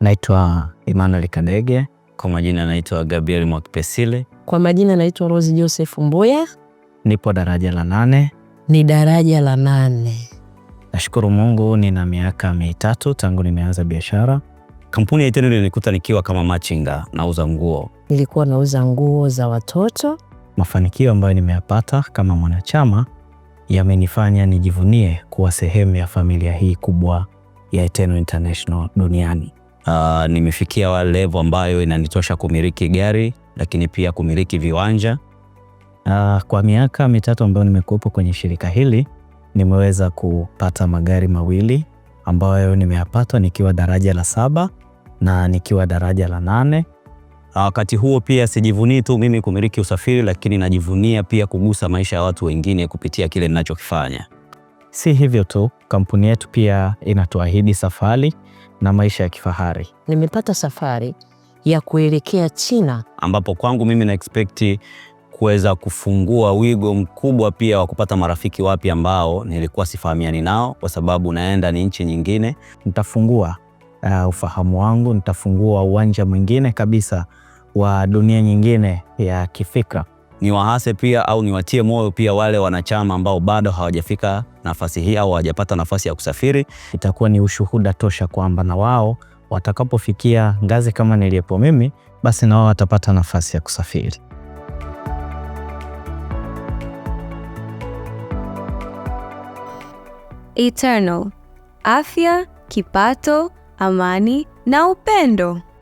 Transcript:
Naitwa Emmanuel Kadege. Kwa majina naitwa Gabriel Mwakipesile. Kwa majina naitwa Rose Joseph Mbuya. Nipo daraja la nane. Ni daraja la nane. Nashukuru Mungu nina miaka mitatu tangu nimeanza biashara. Kampuni ya Itendo nilikuta nikiwa kama machinga, nauza nguo. Nilikuwa nauza nguo za watoto. Mafanikio ambayo nimeyapata kama mwanachama yamenifanya nijivunie kuwa sehemu ya familia hii kubwa ya Eternal International duniani uh, nimefikia wale level ambayo inanitosha kumiliki gari lakini pia kumiliki viwanja. Uh, kwa miaka mitatu ambayo nimekuwepo kwenye shirika hili nimeweza kupata magari mawili ambayo nimeyapata nikiwa daraja la saba na nikiwa daraja la nane. Ah, wakati huo pia sijivunii tu mimi kumiliki usafiri, lakini najivunia pia kugusa maisha ya watu wengine kupitia kile ninachokifanya. Si hivyo tu, kampuni yetu pia inatuahidi safari na maisha ya kifahari. Nimepata safari ya kuelekea China, ambapo kwangu mimi na expect kuweza kufungua wigo mkubwa pia wa kupata marafiki wapya ambao nilikuwa sifahamiani nao, kwa sababu naenda ni nchi nyingine. Nitafungua uh, ufahamu wangu, nitafungua uwanja mwingine kabisa wa dunia nyingine ya kifikra niwahase pia au niwatie moyo pia wale wanachama ambao bado hawajafika nafasi hii au hawajapata nafasi ya kusafiri. Itakuwa ni ushuhuda tosha kwamba na wao watakapofikia ngazi kama niliyepo mimi, basi na wao watapata nafasi ya kusafiri. Eternal: afya, kipato, amani na upendo.